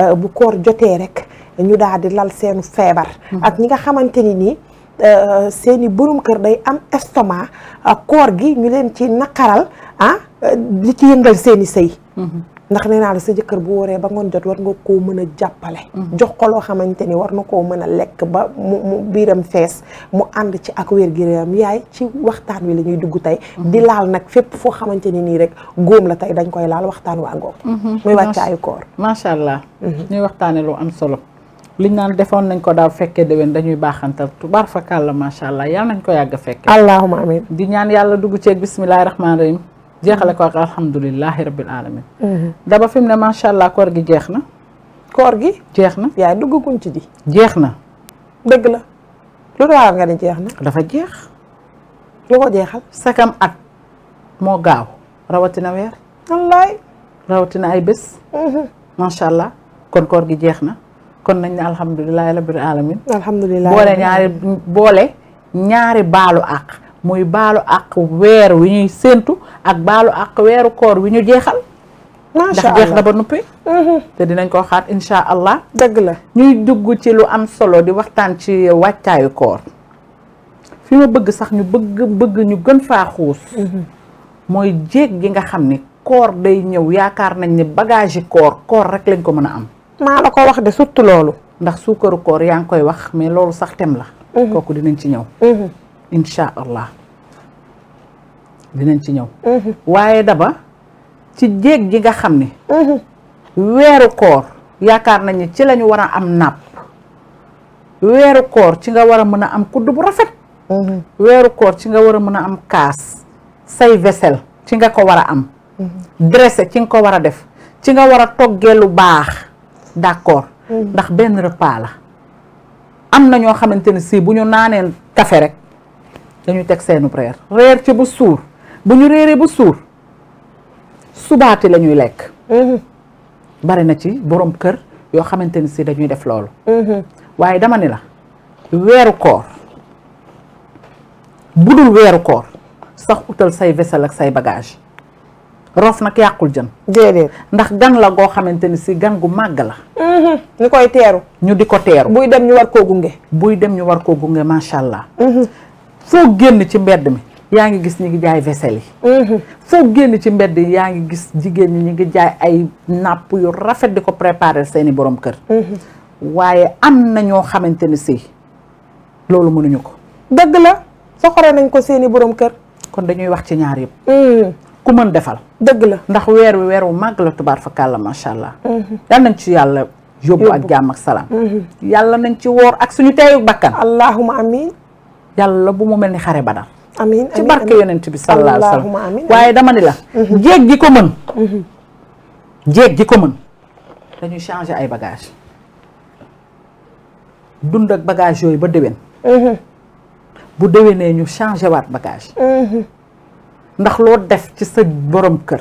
Euh, bu koor jotee rek ñu daal di lal seeni feebar mhm. ak ñi nga xamante ni nii euh, seen i borom kër day am estomac koor gi ñu leen ci naqaral ah li ci yëngal seen i sëy mhm. ndax nee naa la sa jëkkër bu woree ba ngoon jot war nga koo mën a jàppale mhm. jox ko loo xamante ni war na koo mën a lekk ba mu mu biiram fees mu ànd ci ak wér gi yaram yaay ci waxtaan wi la ñuy dugg tey mhm. di laal nag fépp foo xamante ni nii rek góom la tey dañ koy laal waxtaan waa ngoom mhm. muy wàccaayu koor macha allah ñuy waxtaane lu am solo li naan defoon nañ ko daaw fekkee déwén dañuy baaxantal tubaar fa kàlla macha allah yal nañ ko yàgg fekkee allahumma amin di ñaan yàlla dugg ceeg bismillahi rahmaani rahim jeexale ko ak alhamdulilahi rabbil alamin mhm. daba fi ne macha allah koor gi jeex na. koor gi jeex na. yaay duggaguñ ci di. jeex na. dëgg la. lu doon nga ni jeex na. dafa jeex. lu ko jeexal. sakam ak moo gaaw rawatina weer. wallaay. rawatina ay bés. Mhm. macha allah kon koor gi jeex na kon nañ ne alhamdulilahi rabbil alamin alhamdulilah boole ñaari boole ñaari baalu àq. muy baalu ak weer wi ñuy séentu ak baalu ak weeru koor wi ñu jeexal ndax jeex na ba nuppi mm-hmm. te dinañ ko xaat incha allah dëgg la ñuy dugg ci lu am solo di waxtaan ci wàccaayu koor fi ma bëgg sax ñu bëgg ñu gën faa xuus mm-hmm. mooy jéeg gi nga xam ni koor day ñëw yaakaar nañ ni bagage yi koor rek lañ ko mën a am maa la ko wax de surtout loolu ndax suukaru koor yaa ngi koy wax mais loolu sax tem la mm-hmm. kooku dinañ ci ñëw incha allah dinañ ci ñëw. Mm-hmm. waaye daba ci jéeg gi nga xam ni. Mm-hmm. weeru koor yaakaar nañ ni ci lañu war a am nàpp weeru koor ci nga war a mën a am kudd bu rafet. Mm-hmm. weeru ci nga war a mën a am kaas say vaisselle ci nga ko war a am. dressé ci nga ko war a def ci nga war a toggee lu baax d'accord. ndax benn repas la am na ñoo xamante ne si bu ñu naanee kafe rek. dañuy teg seenub reer reer ci ba suur bu ñu réeree bu suur subaati la ñuy lekk mm-hmm. bari na ci borom kër yoo xamante ni si dañuy def loolu mm-hmm. waaye dama ni la weeru koor budul weeru koor sax utal say vaisselle ak say bagage rof nag yàqul jën déedéet ndax gan la goo xamante ni si gan gu màgg la ñu mm-hmm. koy teeru ñu di ko teeru buy dem ñu war koo gunge buy dem ñu war koo gunge macha allah foo génn ci mbedd mi yaa ngi gis ñi ngi jaay vaisselle yi mm-hmm. foo génn ci mbedd yi yaa ngi gis jigéen ñi ñi ngi jaay ay nàpp yu rafet di ko préparer seeni borom kër mm-hmm. waaye am na ñoo xamante ni si loolu mënuñu ko dëgg la soxore nañ ko seeni borom kër kon dañuy wax ci ñaar yëpp mm-hmm. ku mën defal dëgg la ndax weer wi weer wu màgg la tubaar fa kàlla macha allah yàlla yóbbu ak jàmm nañ ci woor ak suñu teeyu bakkan yàlla bu mu mel ni xare badar amiin ci barke yonent bi sallallahu alayhi wa sallam waaye dama ni la mhm. jéeg ji ko mën mhm. jéeg ji ko mën dañuy changer ay bagage dund ak bagage yooyu ba déwén mhm. bu déwénee ñu changé waat bagage ndax loo def ci sa borom kër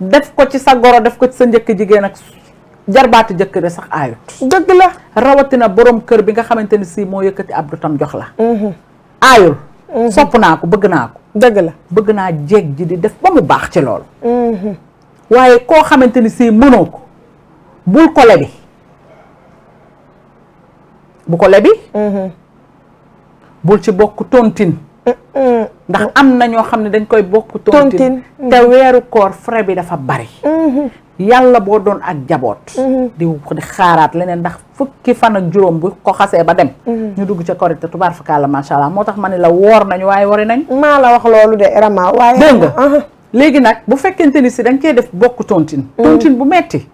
def ko ci sa goro def ko ci sa njëkk jigéen ak jarbaatu jëkkër sax aayut dëgg la rawatina borom kër bi nga xamante ni si moo yëkkati ab du tam jox la aayul. Mhm. sopp naa ko bëgg naa ko. dëgg la bëgg naa jeeg ji di def ba mu baax ci loolu. Mhm. waaye koo xamante ni si mënoo ko bul ko lebi bu ko lebi. Mhm. bul ci bokk tontine. ndax am na ñoo xam ne dañ koy bokk tontine mm-hmm. te weeru koor frais bi dafa bari mm-hmm. yàlla boo doon ak jaboot mm-hmm. di xaaraat leneen ndax fukki fan ak juróom bu ko xasee ba dem ñu dugg ca korite tubaar fakkaa la macha allah moo tax ma ne la woor nañu waaye wari nañ maa la wax loolu de rama waaye dégg nga uh-huh. léegi nag bu fekkente ni si dañ koy def bokk tontine tontine bu metti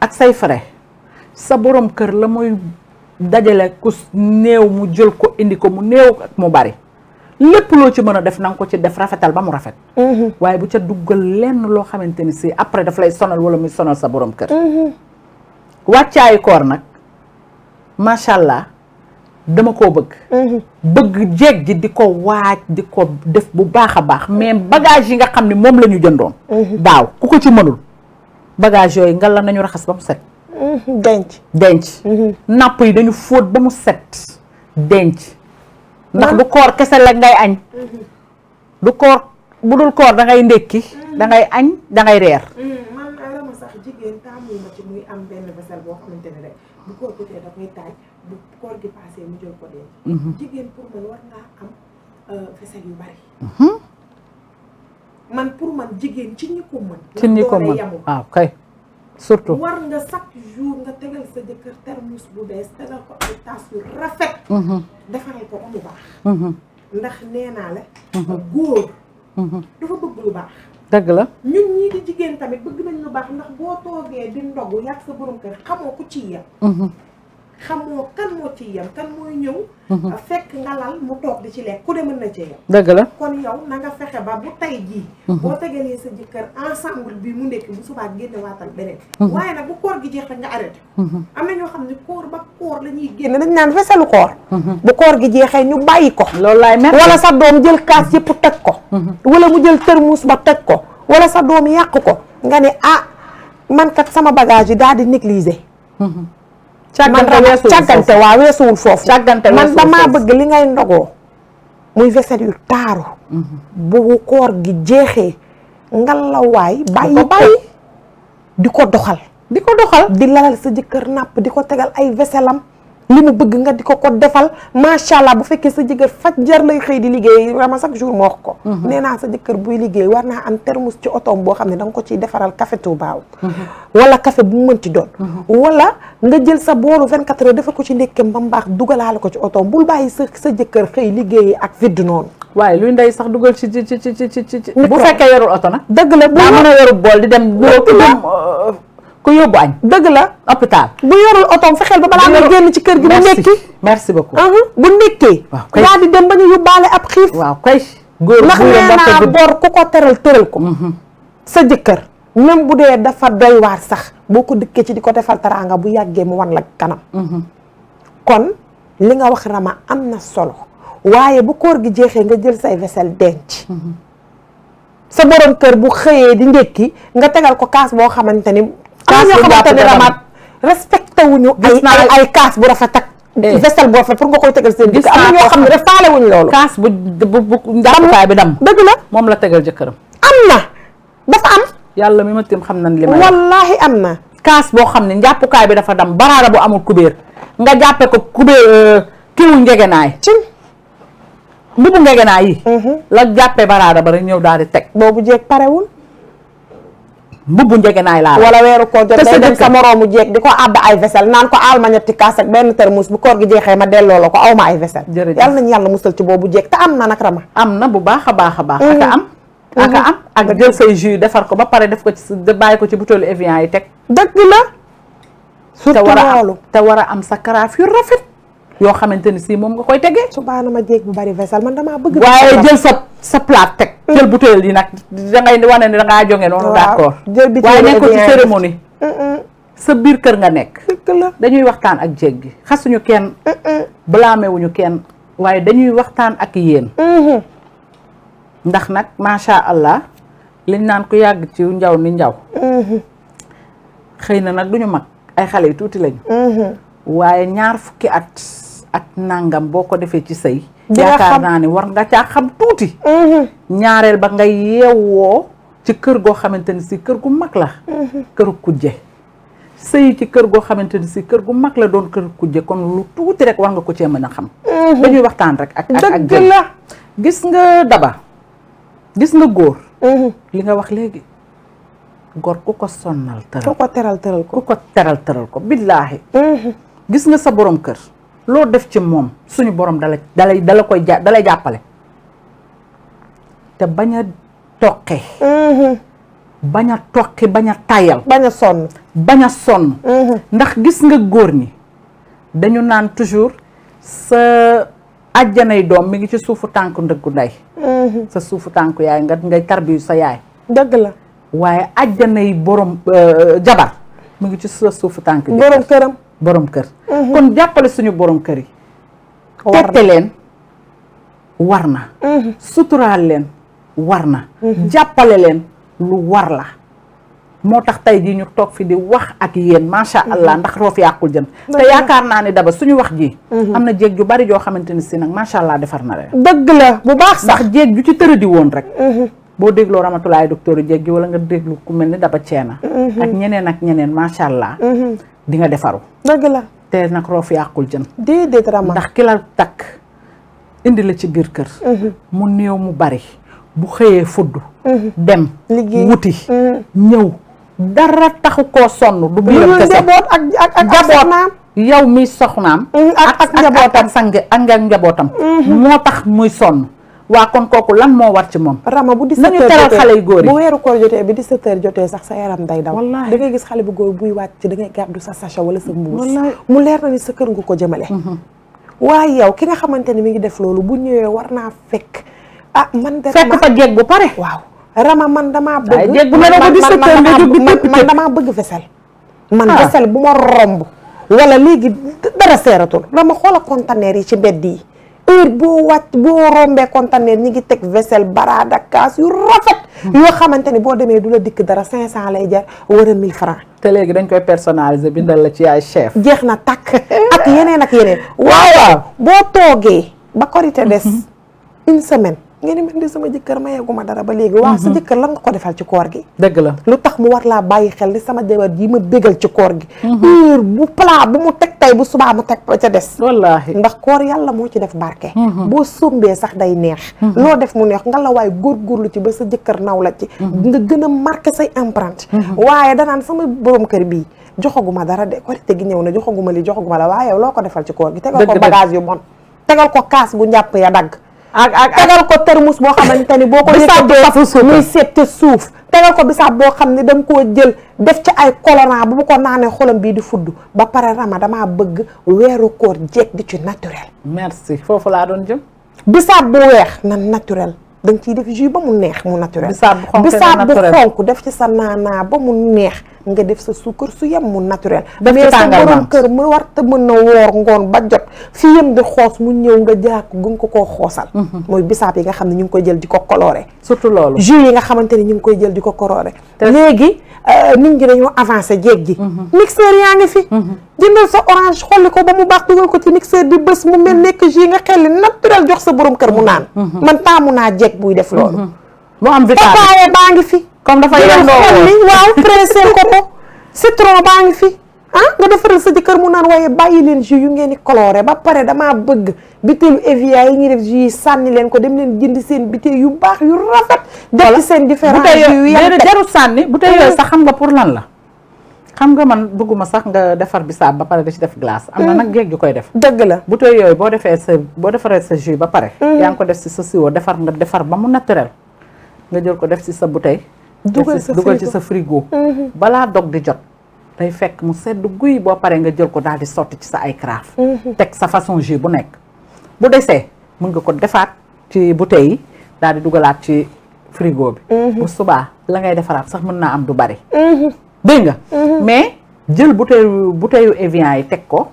ak say frais sa borom kër la mooy dajale ku néew mu jël ko indi ko mu néew ak mu bari lépp loo ci mën a def na ko ci def rafetal ba mu rafet. Mhm. waaye bu ca duggal lenn loo xamante ni si après daf lay sonal wala muy sonal sa borom kër. Mhm. wàccaayu koor nag macha allah dama koo bëgg. Mhm. bëgg jéeg ji di ko waaj di ko def bu baax a baax mais bagage yi nga xam ne moom la ñu jëndoon. daaw ku ko ci mënul bagage yooyu nga la nañu raxas ba mu set. Mhm. denc denc mhm. napp yi dañu fóot ba mu set denc ndax du koor kese la ngay añ mhm. du koor bu dul koor dangay ngay ndékki da añ dangay reer man jigéen taamu am benn vaisselle boo xamante rek bu koor jotee da ko denc jigéen pour man euh, yu bari jigéen ci ñi ko mën ci ñi ko mën surtout war nga chaque jour nga tegal sa jëkkër termus bu bees tegal ko ay taas yu rafet. Mhm. defaral ko ba mu mhm. baax. ndax nee naa la. Mhm. góor. dafa bëgg lu baax. dëgg la ñun ñii di jigéen tamit bëgg nañ lu baax ndax boo toogee di ndogu yàgg sa borom kër xamoo ko ci yem. xamoo kan moo ci yem kan mooy ñëw. Mhm. Ah, fekk nga lal mu toog di ci lekk ku de mën na ci yem. dëgg la kon yow na nga fexe ba bu tay jii. Mhm. boo tegalee sa jëkkër ensemble bi mu nekk bu subaa génne waatal beneen. Mhm. waaye nag bu koor gi jeex rek nga arrêté. am na ñoo xam ne koor ba koor la ñuy génne dañ naan feselu koor. bu koor gi jeexee ñu bàyyi ko. loolu laay mel wala sa doom jël kaas yëpp teg ko. wala mu jël tërmuus ba teg ko. wala sa doom yàq ko nga ne ah man sama bagage daal di négliger. càggante weesuwul càggante waa weesuwul foofu. càggante man damaa bëgg li ngay ndogoo. muy vaisselle yu taaru. Mhm. bu koor gi jeexee. ngalawaay bàyyi bàyyi di ko doxal. di ko doxal di lalal sa jëkkër nàpp di ko tegal ay vaisselle li mu bëgg nga di ko ko defal macha allah bu fekkee sa jëkkër faj jar lay xëy di liggéey rama chaque jour moox ko. nee naa sa jëkkër buy liggéey war naa am termus ci otoom boo xam ne da nga ko ciy defaral café Touba. wala café bu mu mënti doon. wala nga jël sa boolu 24 heures defal ko ci ndékkeem ba mu baax dugalaale ko ci otoom bu bàyyi sa sa jëkkër xëy liggéeyi ak vidde noonu. waaye luy ndey sax dugal ci ci ci ci ci. bu fekkee yorul oto nag. dëgg la bu mën a yorul bool di dem. ku yóbbu añ dëgg la hôpital bu yorul otoom fexeel ba balaa nga génn ci kër gi mu nekki merci beaucoup bu nekkee daa di dem ba ñu yóbbaale ab xiif waaw koy góor ndax nee naa bor ku ko teral tëral ko mhm. sa jëkkër même bu dee dafa doy waar sax boo ko dëkkee ci di ko defal teraanga bu yàggee mu wan la kanam mhm. kon li nga wax Rama am na solo waaye bu koor gi jeexee nga jël say vaisselle denc mhm. sa borom kër bu xëyee di ndékki nga tegal ko kaas boo xamante ni am ñoo xamante ne ramaat respecté ay ay kaas bu rafet ak eh. vestal bu rafet pour nga koy tegal seen dikk am na ñoo xam ne def faale wuñu loolu kaas bu bu njàppukaay bi dam dëgg la moom la tegal jëkkëram am na dafa am yàlla mi ma tim xam na li may am na kaas boo xam ne njàppukaay bi dafa dam baraada bu amul kubéer nga jàppe ko kubéer euh, kiwu njegenaay mbubu ngegenaay yi mhm. la jàppe baraada ba rek ñëw daal di teg boobu jeeg parewul mbubbu njegenaay laa wala weeru koor jot day dem sa moroomu jeeg di ko àbb ay vaisselle naan ko aal ma ñetti kaas benn termus bu koor gi jeexee ma delloo la ko aw ma ay vaisselle yàlla nañu yàlla musal ci boobu jeeg te am na nag rama am na bu baax a baax a baax mm-hmm. aka am a mm-hmm. am ak jël say jus defar ko ba pare def ko ci bàyyi ko ci butéelu Evian yi teg dëgg la surtout loolu te war a am sa karaaf yu rafet yoo xamante ni si moom nga koy tegee. subaana ma jéeg bu bari vaisselle man damaa bëgg. waaye jël sa sa plate teg. Mm. jël butéel yi nag da ngay wane ne da ngaa jóge noonu. d'accord waaye nekkul ci cérémonie. sa biir kër nga nekk. dañuy waxtaan ak jéeg gi xasuñu kenn. blâmé wuñu kenn waaye dañuy waxtaan ak yéen. Mm-hmm. ndax nag macha allah liñ naan ku yàgg ci njaw ni njaw. Mm-hmm. xëy na nag duñu mag ay xale yu tuuti lañu. Mm-hmm. waaye ñaar fukki at. ak nàngam boo ko defee ci sëy yaakaar naa ne war nga caa xam tuuti mm-hmm. ñaareel ba nga yeewoo ci kër goo xamante ni si kër gu mag la mm-hmm. këru kujje sëy ci kër goo xamante ni si kër gu mag la doon kër kujje kon lu tuuti rek war nga ko cee mën a xam mm-hmm. dañuy waxtaan rek ak ak dëgg la gis nga daba gis nga góor li nga wax léegi góor ku ko sonnal tëral ku ko teral tëral ko ku ko teral ko billaahi gis nga sa boroom kër loo def ci moom suñu borom dala dalay dala koy ja dalay jàppale te bañ a toqi mm-hmm. bañ a toqi bañ a tayal bañ a sonn bañ mm-hmm. ndax gis nga góor ñi dañu naan toujours sa àjjanay doom mi ngi ci suufu tànk ndëggu ndey mm-hmm. sa suufu tànk yaay nga ngay tarbiyu sa yaay dëgg la waaye àjjanay borom euh, jabar mu ngi ci sa suufu tànk borom këram boroom kër. Mhm. kon jàppale suñu borom kër yi. tette leen war na. Mhm. suturaal leen war na. Mhm. jàppale leen lu war la. moo tax tey jii ñu toog fi di wax ak yéen macha allah ndax roof yàqul jën te yaakaar naa ne daba suñu wax ji am na jéeg ju bari joo xamante ni si nag macha allah defar na leen dëgg la bu baax sax jéeg ju ci tërë woon rek boo dégloo ramatulaay docteur jéeg gi wala nga déglu ku mel ni daba ceena ak ñeneen ak ñeneen macha allah dinga nga defaru te nag roof yàqul jën ndax ki la takk indi la ci biir kër mhm. mu néew mu bari bu xëyee fudd mhm. dem liggéey wuti mhm. ñëw dara taxu koo sonn du biiram kese jaboot yow miy soxnaam ak ak njabootam sang njabootam moo tax muy sonn waa kon kooku lan moo war ci moom rama bu 17 nañu teral góor yi weeru koor jotee bi jotee sax sa yaram day daw da ngay gis xale bu góor buy wàcc ci dangay gàddu sa sachet wala sa mbuus mu leer na ni sa kër nga ko jëmale mhm. waaye yow ki nga xamante ne mi ngi def loolu bu ñëwee war naa fekk ah man de fekk fa pare waaw rama man damaa bëgg jeeg bu meloo ba 17 heures man damaa bëgg fesel man fesel ah. bu ma romb wala léegi dara seeratul rama xoola conteneur yi ci mbedd yi heure boo wàcc boo rombee conteneur ñi ngi teg vaisselle baraada kaas yu rafet yoo xamante ni boo demee du la dikk dara cinq cent lay jar wala mille francs te léegi dañ koy personnaliser bindal la ci ay chef jeex na takk ak yeneen ak yeneen waaw waaw boo toogee ba korité des mhm. une semaine ngeen mel ni sama jëkkër mayeeku ma dara ba léegi waaw sa mhm. jëkkër la nga ko defal ci koor gi dëgg la lu tax mu war laa bàyyi xel ni sama jabar yi ma bégal ci koor gi mhm. heure bu plat mu teg tey bu subaa mu teg ca des wallaahi ndax koor yàlla moo ci def barke mhm. boo sombee sax neex loo def mu neex nga la waaye góorgóorlu ci ba sa jëkkër naw la ci nga gën a marqué say empreinte waaye danaan sama borom kër bii joxaguma dara de korite gi ñëw na joxaguma li joxaguma waaye loo ko defal ci koor gi tegal ko bagage yu bon tegal ko kaas bu njàpp ya dagg ak ak tegal ko tërmus boo xamante ni boo ko yëkkatee muy seet suuf tegal ko bisaab boo xam ne dama koo jël def ci ay colorant bu bu ko naanee xolam bii di fudd ba pare rama damaa bëgg weeru koor jeeg di ci naturel merci foofu laa doon jëm bisaab bu weex na naturel danga ciy def jus ba mu neex mu naturel bisaab bu xonk def ci sa naanaa ba mu neex nga def sa suukar su yem mu naturel mais sa borom kër mu war te mën na woor ngoon ba jot fi yem di xoos mu ñëw nga jaak gun ko koo xoosal mhm. mooy bisaab yi nga xam ne ñu ngi koy jël di ko coloré surtout loolu jus yi nga xamante ne ñu ngi koy jël di ko coloré léegi euh, nit ñi dañoo avancé jeeg ji mhm. mixeur yaa ngi fi mhm. jëndal sa orange xolli ko ba mu baax dugal ko ci mixeur di bés mu mel nekk jus nga xelli naturel jox sa borom kër mu naan man taamu naa jeeg buy def loolu mu am baa ngi fi comme dafa yem xel li waaw pressé ko ko citron baa ngi fi ah nga defaral sa jëkkër mu naan waaye bàyyi leen jus yu ngeen di coloré ba pare damaa bëgg bitéelu Evian yi ñuy def jus yi sànni leen ko dem leen jënd seen bitéel yu baax yu rafet def ci seen différence yu yem jarul sànni bu tey yooyu nga pour lan la xam nga man bëgguma sax nga defar bisaab ba pare da ci def glace am na nag géej mm. ju koy def dëgg la bu tey yooyu boo defee sa boo defaree sa jus ba pare mm. yaa ngi ko def si sa siwo defar nga defar ba mu naturel nga jël ko def si sa bouteille dugal sa frigo ci sa frigo. Mhm. balaa dog di jot. day fekk mu sedd guy boo paree nga jël ko daal di sotti ci sa ay carafe. Mhm. teg sa façon jus bu nekk. bu desee mën nga ko defaat ci bouteille yi daal di dugalaat ci frigo bi. Mhm. bu subaa la ngay defaraat sax mën naa am du bari. dégg nga. mais jël bouteille bouteille Evian yi teg ko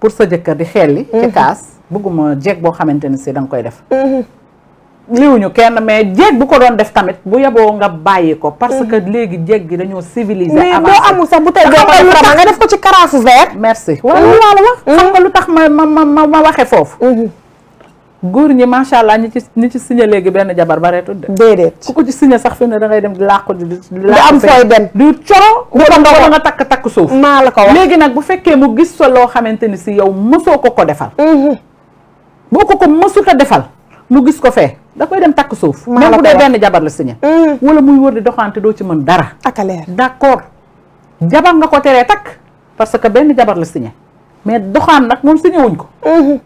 pour sa jëkkër di xelli. ci kaas bëgguma jeeg boo xamante ne si da nga koy def. liwuñu kenn mais jéeg bu ko doon def tamit bu yeboo nga bàyyi ko parce mm. que léegi jéeg gi dañoo civilisé mais boo sax bu tey ko nga def ko ci karaasu vert merci mm. wala laa la wax mm. xam lu tax ma ma ma ma waxe foofu mm-hmm. góor ñi macha allah ñi ci ñi ci signé léegi benn jabar bareetul de déedéet ko ci signé sax fi da ngay dem di làqu di di am fooy dem di coro du ko ndox nga takk takk suuf maa la ko léegi nag bu fekkee mu gis sa loo xamante ni si yow mësoo ko ko defal mm-hmm. boo ko ko mësuta defal mu gis ko fee da koy dem takk suuf même bu dee benn jabar la signé mm. wala muy wër di doxante doo ci mën dara ak leer d'accord jabar nga ko teree takk parce que benn jabar la signé mais doxaan nag moom signé wuñ ko mm-hmm.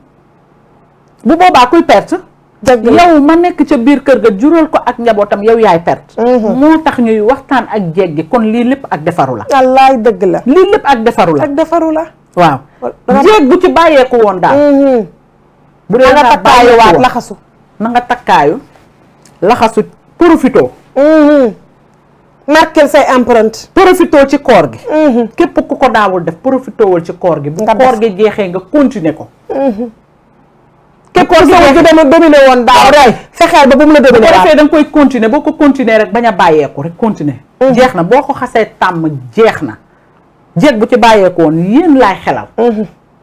bu boobaa kuy perte yow ma nekk ca biir kër ga jural ko ak njabootam yow yaay perte mm-hmm. moo tax ñuy waxtaan ak jéggi kon lii lépp ak defaru la wallaay dëgg la lii ak defaru la defaru la waaw jéeg bu ci bàyyeeku woon daal mm-hmm. bu dee nga takkaayuwaat laxasu na nga takkaayu laxasu profito mm-hmm. marquel say empreinte profito ci koor gi mm-hmm. képp ku ko daawul def profitowul ci koor gi bu koor gi jeexee nga continuer ko mm-hmm. képp sa gi jeexee dama dominé woon daaw rey fexeel ba bu mu la dominé waaw ko defee da nga koy continuer boo ko continuer rek bañ a bàyyeeku rek continuer jeex na boo ko xasee tàmm jeex na jeeg bu ci bàyyeeku woon yéen laay xelal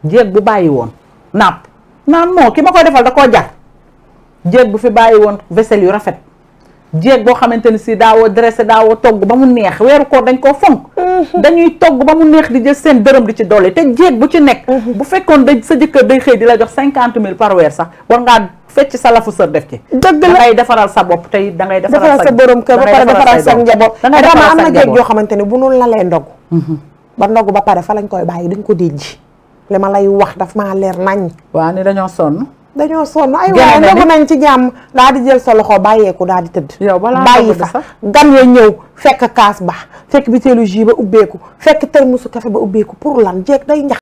jeeg bu bàyyi woon napp naan moo ki ma koy defal da koo jar jéeg bu fi bàyyi woon vaisselle yu rafet jéeg boo xamante ni si daawoo dressé daawoo togg ba mu neex weeru koor dañ koo fonk mhm. dañuy togg ba mu neex di jël seen dërëm di ci dolli te jéeg bu ci nekk mhm. bu fekkoon da sa jëkkër day xëy di la jox cinquante mille par weer sax war ngaa fecc sa lafu sër def ci dëgg la dangay defaral sa bopp tey dangay defaral sa borom kër ba pare defaral sa njaboot dama am na jéeg yoo xamante ne bu nu lalee ndog mhm. ba ndog ba pare fa lañ koy bàyyi dañ ko déj ji ma lay wax daf maa leer nañ waaw ni dañoo sonn dañoo sonn ay waaye ndogu nañ ci jàmm daal di jël sa loxo bàyyeeku daal di tëdd bàyyi fa gan ya ñëw fekk kaas ba fekk biteelu jus ba ubbeeku fekk su café ba ubbeeku pour lan jeeg day njax